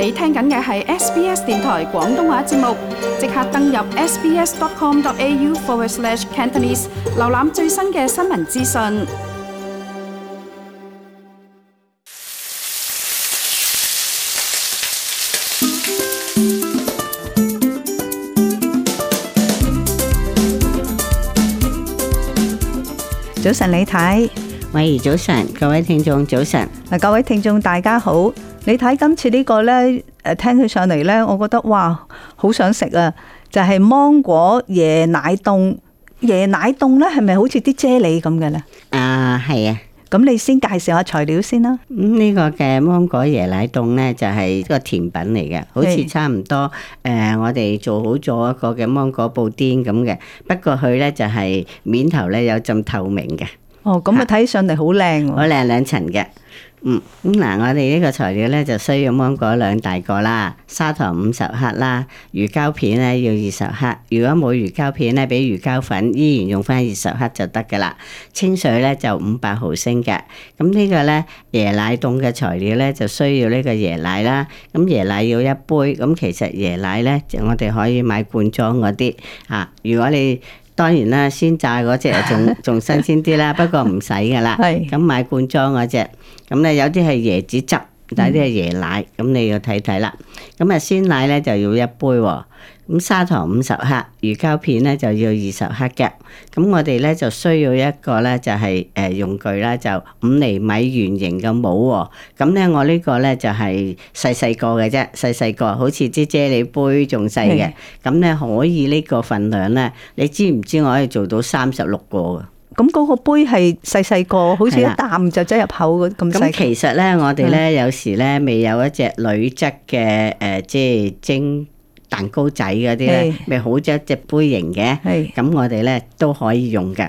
你聽緊嘅係 SBS 電台廣東話節目，即刻登入 sbs.com.au/cantonese 瀏覽最新嘅新聞資訊。早晨，李太，慧怡，早晨，各位聽眾，早晨，嗱，各位聽眾，大家好。你睇今次呢個咧，誒聽佢上嚟咧，我覺得哇，好想食啊！就係芒果椰奶凍，椰奶凍咧，係咪好似啲啫喱咁嘅咧？啊，係啊！咁你先介紹下材料先啦。咁呢個嘅芒果椰奶凍咧，就係個甜品嚟嘅，好似差唔多誒，我哋做好咗一個嘅芒果布丁咁嘅，不過佢咧就係面頭咧有浸透明嘅。哦，咁啊睇起上嚟好靚喎，好靚兩層嘅。嗯，咁嗱，我哋呢個材料咧就需要芒果兩大個啦，砂糖五十克啦，魚膠片咧要二十克，如果冇魚膠片咧，俾魚膠粉依然用翻二十克就得噶啦。清水咧就五百毫升嘅。咁呢個咧椰奶凍嘅材料咧就需要呢個椰奶啦。咁椰奶要一杯，咁其實椰奶咧，我哋可以買罐裝嗰啲啊。如果你當然啦，鮮榨嗰隻仲仲新鮮啲啦， 不過唔使㗎喇。咁是買罐裝嗰隻，咁咧有啲係椰子汁，有啲係椰奶，咁、嗯、你要睇睇啦。咁啊鮮奶咧就要一杯喎。咁砂糖五十克，魚膠片咧就要二十克嘅。咁我哋咧就需要一個咧就係、是、誒、呃、用具啦，就五厘米圓形嘅模喎。咁咧我個呢個咧就係細細個嘅啫，細細個好似啲啫喱杯仲細嘅。咁咧的可以個呢個份量咧，你知唔知我可以做到三十六個㗎？咁嗰個杯係細細個，好似一啖就擠入口嗰咁細。咁其實咧，我哋咧的有時咧未有一隻鋁質嘅誒即係蒸。呃蛋糕仔嗰啲咧，咪是好似一隻杯型嘅，咁是我哋咧都可以用嘅。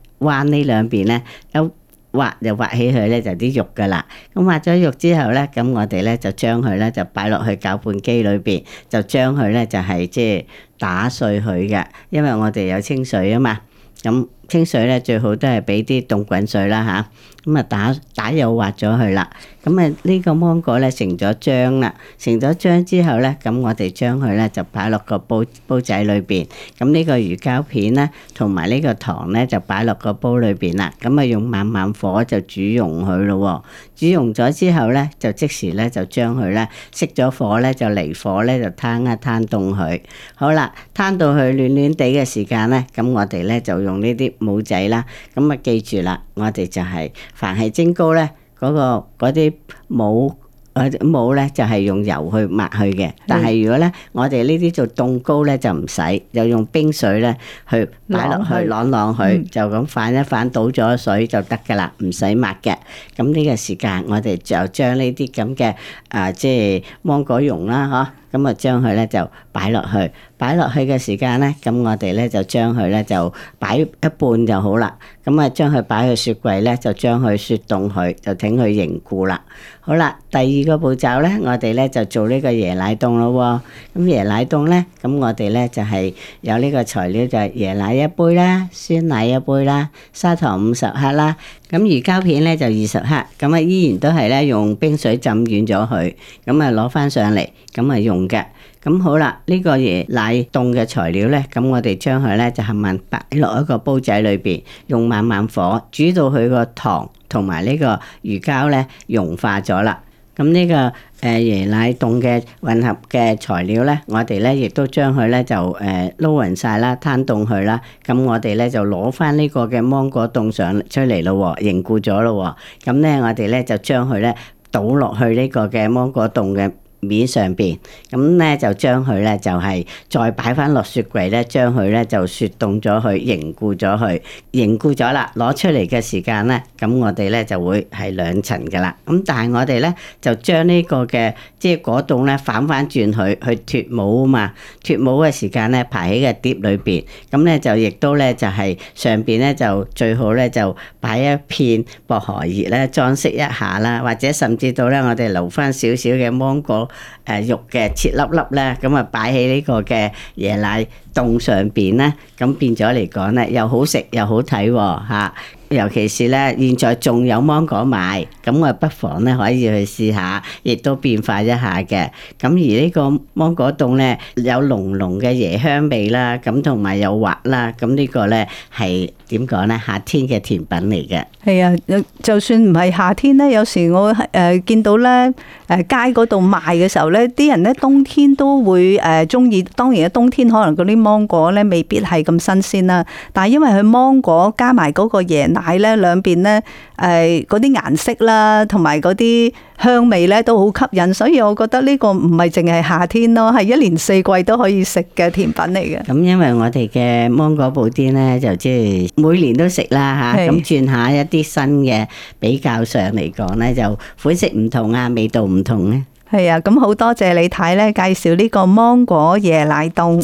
彎兩邊呢兩邊咧，咁挖就挖起佢咧，就啲、是、肉噶啦。咁挖咗肉之後咧，咁我哋咧就將佢咧就擺落去攪拌機裏邊，就將佢咧就係即係打碎佢嘅，因為我哋有清水啊嘛，咁。清水咧最好都係俾啲凍滾水啦吓，咁啊、嗯、打打又滑咗佢啦，咁啊呢個芒果咧成咗漿啦，成咗漿了之後咧，咁、嗯、我哋將佢咧就擺落個煲煲仔裏邊，咁、嗯、呢、這個魚膠片咧同埋呢個糖咧就擺落個煲裏邊啦，咁、嗯、啊用慢慢火就煮溶佢咯。煮溶咗之後咧就即時咧就將佢咧熄咗火咧就離火咧就攤一攤凍佢，好啦，攤到佢暖暖地嘅時間咧，咁我哋咧就用呢啲。冇仔啦，咁啊，記住啦，我哋就係凡係蒸糕咧，嗰個嗰啲帽，啊帽咧，就係用油去抹去嘅。嗯、但係如果咧，我哋呢啲做凍糕咧就唔使，就用冰水咧去擺落去攞攞佢，就咁反一反倒咗水就得噶啦，唔使抹嘅。咁呢個時間，我哋就將呢啲咁嘅啊，即係芒果蓉啦，嗬，咁啊，就將佢咧就擺落去。擺落去嘅時間咧，咁我哋咧就將佢咧就擺一半就好啦。咁啊，將佢擺去雪櫃咧，就將佢雪凍佢，就請佢凝固啦。好啦，第二個步驟咧，我哋咧就做呢個椰奶凍咯。咁椰奶凍咧，咁我哋咧就係有呢個材料就係、是、椰奶一杯啦，酸奶一杯啦，砂糖五十克啦，咁魚膠片咧就二十克。咁啊，依然都係咧用冰水浸軟咗佢，咁啊攞翻上嚟，咁啊用嘅。咁好啦，呢個椰奶凍嘅材料咧，咁我哋將佢咧就慢慢擺落一個煲仔裏邊，用慢慢火煮到佢個糖同埋呢個魚膠咧融化咗啦。咁呢個誒椰奶凍嘅混合嘅材料咧，我哋咧亦都將佢咧就誒撈勻晒啦，攤凍佢啦。咁我哋咧就攞翻呢個嘅芒果凍上出嚟咯，凝固咗咯。咁咧我哋咧就將佢咧倒落去呢個嘅芒果凍嘅面上邊，咁咧就將佢咧就係再擺翻落雪櫃咧，將佢咧就雪凍咗佢，凝固咗佢凝固咗啦，攞出嚟嘅時間咧，咁我哋咧就會係兩層嘅啦。咁但係我哋咧就將呢個嘅即係果凍咧反反轉佢去，去脱模啊嘛，脱模嘅時間咧排喺個碟裏邊，咁咧就亦都咧就係上邊咧就最好咧就擺一片薄荷葉咧裝飾一下啦，或者甚至到咧我哋留翻少少嘅芒果。誒，肉嘅切粒粒咧，咁啊擺喺呢個嘅椰奶凍上邊咧，咁變咗嚟講咧，又好食又好睇喎吓。尤其是咧，現在仲有芒果賣，咁我不妨咧可以去試下，亦都變化一下嘅。咁而呢個芒果凍咧，有濃濃嘅椰香味啦，咁同埋有滑啦。咁呢個咧係點講咧？夏天嘅甜品嚟嘅。係啊，就就算唔係夏天咧，有時我誒、呃、見到咧誒街嗰度賣嘅時候咧，啲人咧冬天都會誒中意。當然冬天可能嗰啲芒果咧未必係咁新鮮啦，但係因為佢芒果加埋嗰個椰奶。睇咧兩邊咧，誒嗰啲顏色啦，同埋嗰啲香味咧都好吸引，所以我覺得呢個唔係淨係夏天咯，係一年四季都可以食嘅甜品嚟嘅。咁因為我哋嘅芒果布丁咧，就即係每年都食啦吓，咁轉下一啲新嘅，比較上嚟講咧就款式唔同啊，味道唔同咧。係啊，咁好多謝李太咧介紹呢個芒果椰奶凍。